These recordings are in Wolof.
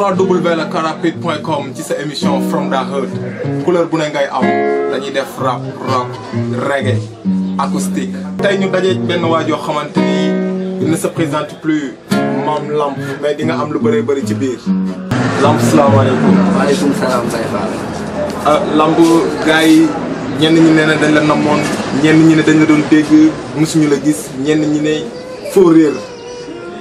www la carrapide point com ci sa émission From the Hood bu ne ngay am dañuy def rap rock reggae acoustique. ñu daje benn waa joo xamante ni ne se présente plus moom Lamp mais am lu bëree bëri ci biir. Lamp salaamaaleykum. waaleykum salaam Baye Fall. Euh, Lamp gars ñenn ñi ne dañ la namoon ñenn ñi ne dañ la doon dégg mosuñu la gis ñenn ñi ne foo réer.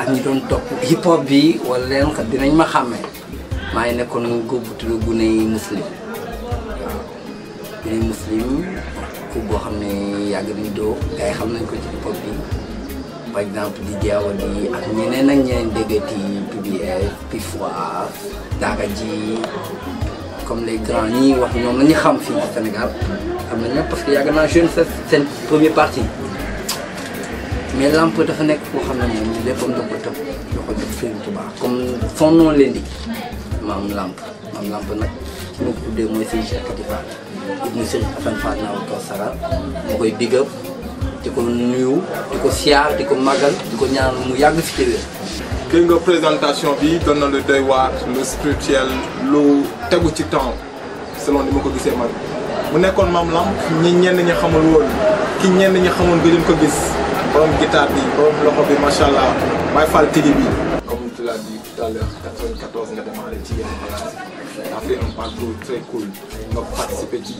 ak ñi doon topp hip hop bi wala leen xam dinañ ma xàmmee maa ngi nekkoon góob bu tudd Guney Muslim waaw Guney Muslim ku boo xam ne yàgg nañ doo gars yi xam nañ ko ci hip hop bi par exemple di jaawa di ak ñeneen ak ñeneen déggati PBS Pifois Daga ji comme les grands ñi wax ñoom la ñu xam fii Sénégal xam nañ parce que yàgg naa jeune sa seen première partie. mais lamp dafa nek ko xamna mom moom léppam da ko tëb da ko jox Sëriñ Tuubaa comme son len l'indique mam lamp mam lamp nak su ma ko tuddee mooy Sëriñ Cheikh Khady Fall ibnu Sëriñ Afane Fall naa ko koy bigab ci ko nuyu di ko siyaar di ko màggal di ko ñaan mu yag fi ci wér dégg nga présentation bi doon na lu doy waar lu spirituel lo tegu ci temps selon ni ma ko gisee man mu nekkoon mam lamp ñi ñenn ñi xamul woon ki ñenn ñi xamoon gëjoon ko gis borom guitare bi loxo bi macha comme tu l'as dit tout à l'heure 94 nga démarré ci yenn place a fait un parcours très cool a participé ci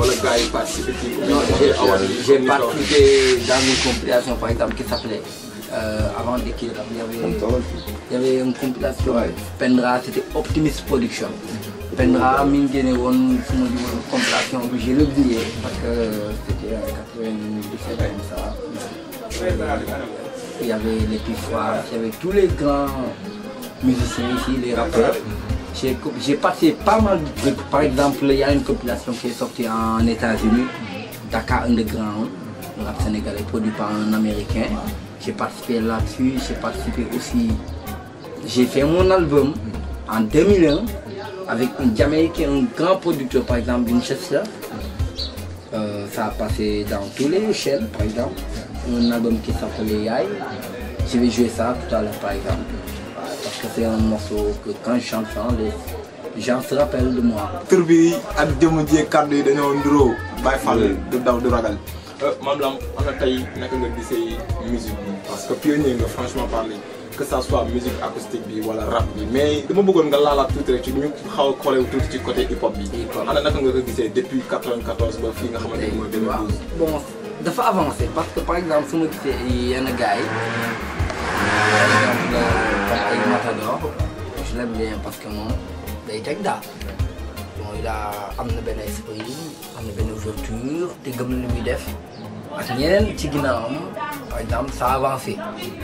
le gars il participé ci. j'ai participé dans une compilation par exemple qui s'appelait Euh, avant de il y avait, il y avait une compilation. Ouais. Pendra, c'était Optimist Production. Pendra, Mingeneron, c'est mon compilation. J'ai oublié parce que c'était en 97 comme ça. Il y avait les pifois, il y avait tous les grands musiciens ici, les rappeurs. J'ai passé pas mal de Par exemple, il y a une compilation qui est sortie en États-Unis, Dakar Underground, le rap sénégalais produit par un Américain. J'ai participé là-dessus, j'ai participé aussi. J'ai fait mon album en 2001 avec une un grand producteur par exemple, Winchester. Euh, ça a passé dans tous les chaînes par exemple un album qui s'appelait Yai. Je vais jouer ça tout à l'heure par exemple. Parce que c'est un morceau que quand je chante ça, hein, les gens se rappellent de moi. Turbi, bi ak jëmm ji kàddu yi dañoo nduroo. Baye Fall du daw du ragal. Euh, Mame on ana tey naka nga musique parce que pionnier nga franchement parler que ça soit musique acoustique bi wala rap bi mais dama bëggoon nga laalaat tuuti rek ci tu xaw a xoolee tuuti ci côté hip hop bi. ana naka nga ko depuis 94 ba fii nga xamante ni mooy 2012 faire avancer parce que par exemple il y a un gars par exemple un euh, matador je l'aime bien parce que moi, il est un d'art. Il a un bon esprit une une ouverture te gëm le li muy def ak ñeneen ci par exemple ça avancé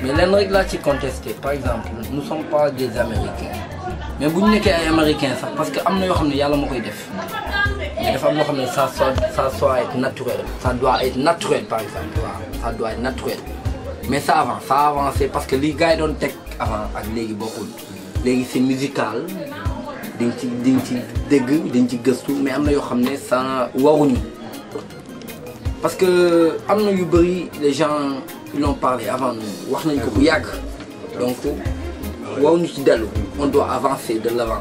mais les règles qui sont contesté par exemple nous ne sommes pas des américains mais vous ñu qu'un américains parce que y a un xam ne mais dafa am loo ça soit ça soit être naturel ça doit être naturel par exemple ça doit être naturel mais ça avance ça avancé parce que les gars ils doon tech avant avec léegi bokkul léegi c'est musical dañ ci dañ ci dégg dañ ci gëstu mais am na yoo xam ne ça waruñu parce que am na yu bëri les gens ils l'ont parlé avant nous wax nañ ko bu yàgg donc waruñu ci dellu on doit avancer de l'avant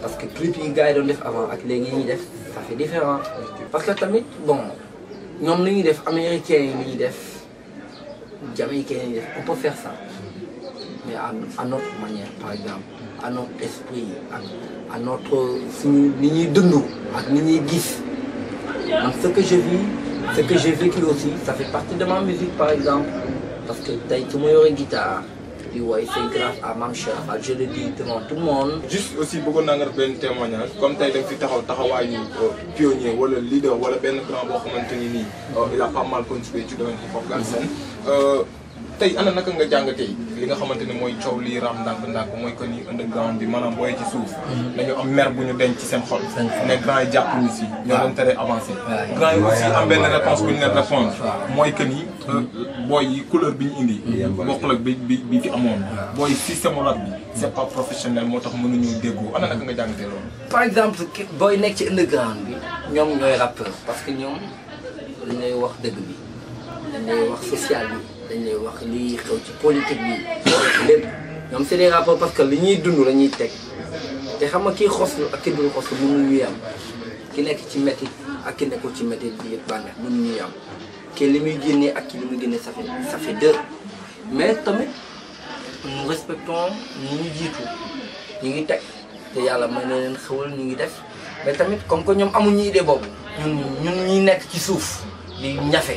parce que clip yi gars def avant ak les ñuy ça fait différent parce que tamit bon nous li américains, def américain def jamaïcain on peut faire ça mais à notre manière par exemple à notre esprit à notre suñu ni ñuy dund ak ni gis ce que je vis ce que j'ai vécu aussi ça fait partie de ma musique par exemple parce que tu as ma guitare di woy c'est grâce à Mame Cheikh Fall je le dis devant tout aussi bëggoon naa nga def benn témoignage comme tey da nga fi taxaw taxawaayu euh, pionnier wala leader wala benn grand boo xamante ni nii euh, il a pas mal contribué ci domaine hip hop Galsen euh, tey ana naka nga jàngatee li nga xamante ne mooy coow lii raam ndànk-ndànk mooy que ni underground bi maanaam booyee ci suuf. Mhm. dañu am mer bu ñu denc seen xol. ne grand yi jàpp ñu si. ñoo doon tere avancé. grand yi aussi am benn réponse bu ñu leen répondre mooy que ni euh, booy yi couleur bi ñu indi. Mhm. bokkul ak bi bi bi fi amoon. booy système rap bi. c' est pas professionnel moo tax mënuñu déggoo ana naka nga jàngatee loolu. par exemple booy nekk ci underground bi ñoom ñooy rappeur parce que ñoom dañ lay wax dëgg bi dañ lay wax social bi. dañ lay wax lii xew ci politique bi ñoom c'est des rapports parce que li ñuy dund la ñuy teg te xam nga kii xoslu ak ki dul xoslu mënuñu yem ki nekk ci métti ak ki nekkul ci métti di yëpp bànneex mënuñu yem ke li muy génnee ak ki li muy génnee ça fait ça mais tamit nous respectons ñi ñu jiitu ñu ngi teg te yàlla may na leen xewal ñu ngi def mais tamit comme que ñoom amuñu ñuy boobu ñun ñun ñuy nekk ci suuf di ñafe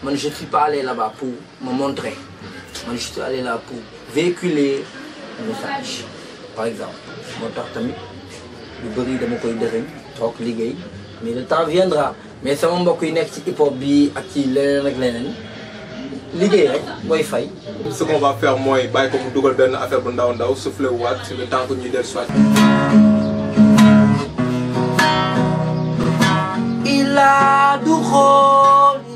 Moi, je ne suis pas allé là-bas pour me montrer. Moi, je suis allé là pour véhiculer un message. Par exemple, mon tartami, le bruit de mon coïde de trop ligué. Mais le temps viendra. Mais ça m'a beaucoup une hip-hop, à qui l'un avec l'un. liggéey Wi-Fi. ce qu'on va faire moi, c'est ko mu dugal benn faire bu ndaw souffler soufflé le temps que nous devons. soit il a du rôle.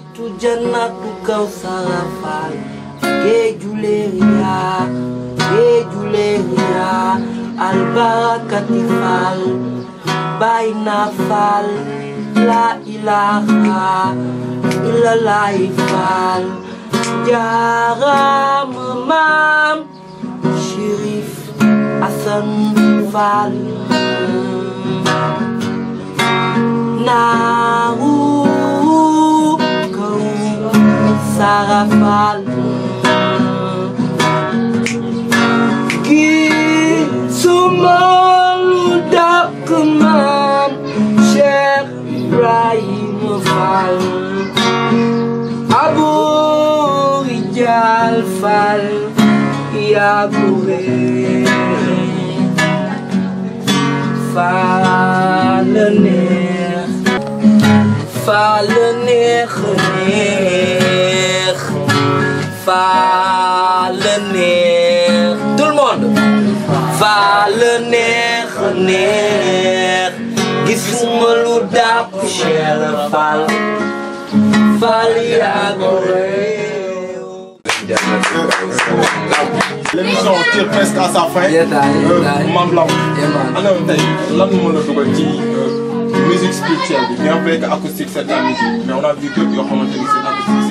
J'en kawsara faal je leeriyaa géeju al albarakati faal baay naa la laa ilaaha illallah faal jaaraama maam Chérif Asan sarafal Ki sumaludak keman Syekh Ibrahim Fal Abu Rijal Fal Ya Kure Fal Nech Fal va le nerf tout le monde va le neex neex gisuma lu dàpp fal. Fall Fall Les L'émission tire presque à sa fin. Euh, man blanc ah, On a lan moo la euh, musique spirituelle bien vrai que acoustique c'est musique mais on a vu que yoo xamante commencé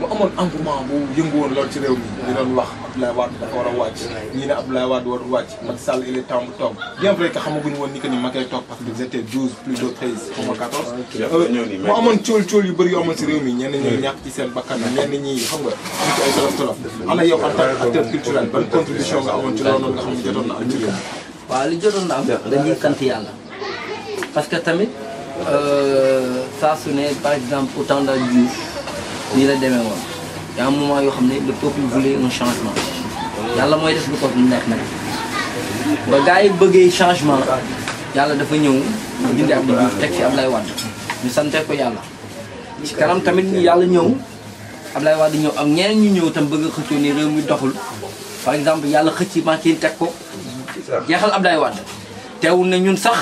mu engouement bu yëngu won lool ci di wax dafa a wàcc. ñii Abdoulaye qui wàcc. été il est temps toog bien vrai que xamaguñu ni que ni toog parce que plus de 13 comme 14. mu amoon yu bëri yu amoon ci réew mi ñenn ñi ci seen bakkan ñenn ñi xam nga ci ay ana yow en acteur culturel contribution nga amoon ci loolu xam ne li na am dañuy parce que tamit euh, saa su ne par exemple au temps de nii la demee woon y' a un yoo xam ne le peuple voulait un changement yàlla mooy def lu ko mu nag ba gars yi bëggee changement yàlla dafa ñëw mu dindi Abdou Diouf teg fi ñu sante ko yàlla. ci kanam tamit yàlla ñëw Abdoulaye Wade ñëw ak ñeneen ñu ñëw tam bëgg a ni réew mi doxul par yàlla xëcc Macky teg ko jeexal Abdoulaye Wade teewul ne ñun sax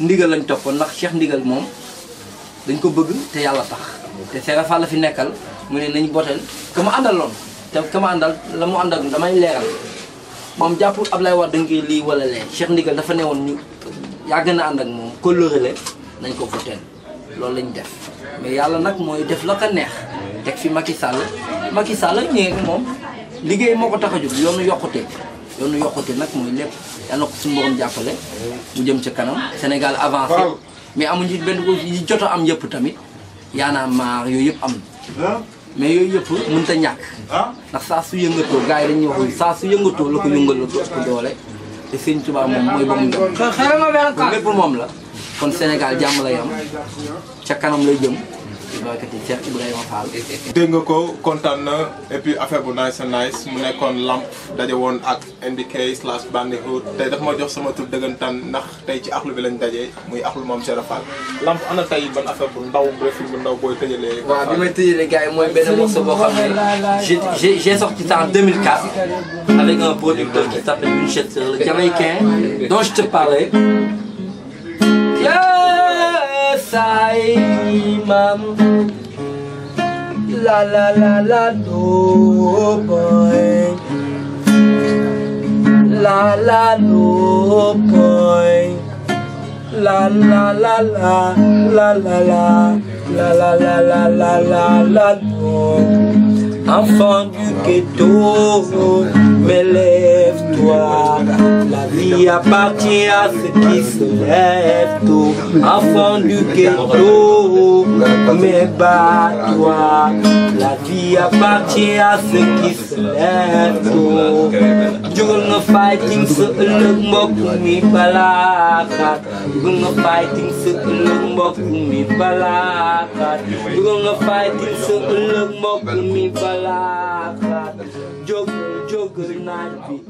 ndigal lañ toppoon ndax Cheikh ndigal moom dañ ko bëgg te yàlla tax. te Seera la fi nekkal mu ne nañu booteel ka mu àndal loon te ka mu àndal la mu àndal damay leeral moom jàppul Ablaye Wade da ngay lii wala lee Cheikh Ndigal dafa newoon ñu yàgg na ànd ak moom coloré la nañ ko voteel loolu lañ def mais yàlla nag mooy def la ko neex teg fi Macky Sall Macky Sall moom liggéey moo ko tax a jóg yoonu yokkute yoonu yokkutee nag mooy lépp yal ko suñu borom jàppale mu jëm ca kanam Sénégal avancé mais amuñu benn yi jot a am yëpp tamit yaanaa maar yooyu yëpp am na mais yooyu yëpp mënut a ñàkk ndax saa su yëngatoo gars yi dañuy wax saa su yëngatoo la ko yëngalatoo ko doole te sëñ Tuubaa moom mooy ba mu lépp moom la kon Sénégal jàmm lay am ca kanam lay jëm barkati Cheikh Ibrahima Fall. dégg nga ko kontaan et puis affaire bu nice and nice mu nekkoon lamp daje woon ak NDK slash Bandihood tey daf ma jox sama tur dëggantaan ndax tay ci akhlu bi lañ dajé muy akhlu mom Cheikh Fall lamp ana tay ban affaire bu ndaw bu film bu ndaw booy tëjalee. waaw bi may tëjalee gars moy mooy morceau bo xamné j'ai j'ai sorti ça en 2004 avec un producteur qui s'appelle Winchester le Jamaïcain dont je te parlais. imam La la la la no boy La la no boy La la la la la la la La la la la la la la no Enfant du ghetto vie appartient à ce qui se lèvent tôt, enfant du ghetto, mais pas toi La vie appartient à ce qui se lèvent tôt. fighting mi fighting se mi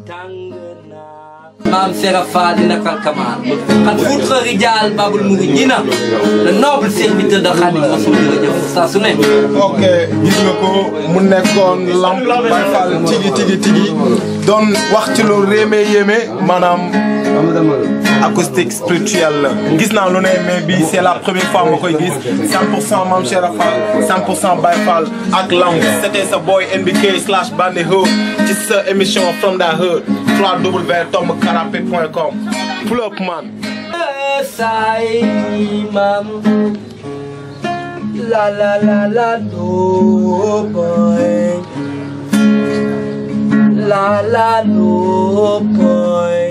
fighting mi Mam Sera Fall di nakal kamal xat fuutra rijal babul muridina le noble serviteur de Khadim Rasoul jërëjëf saa su ok gis nga ko mu nekkoon lamp Baay Fall tigi tigi tigi don wax ci lo réeme yéeme manam acoustique spirituelle gis naa lu mais bi c'est la première fois que koy gis 100% Mam Sera Fall 100% Baye Fall ak lamb c'était sa boy NBK slash bandeho Hood ci sa émission From the Hood www.tomcarapé.com Pull up man La la la la no boy La la no boy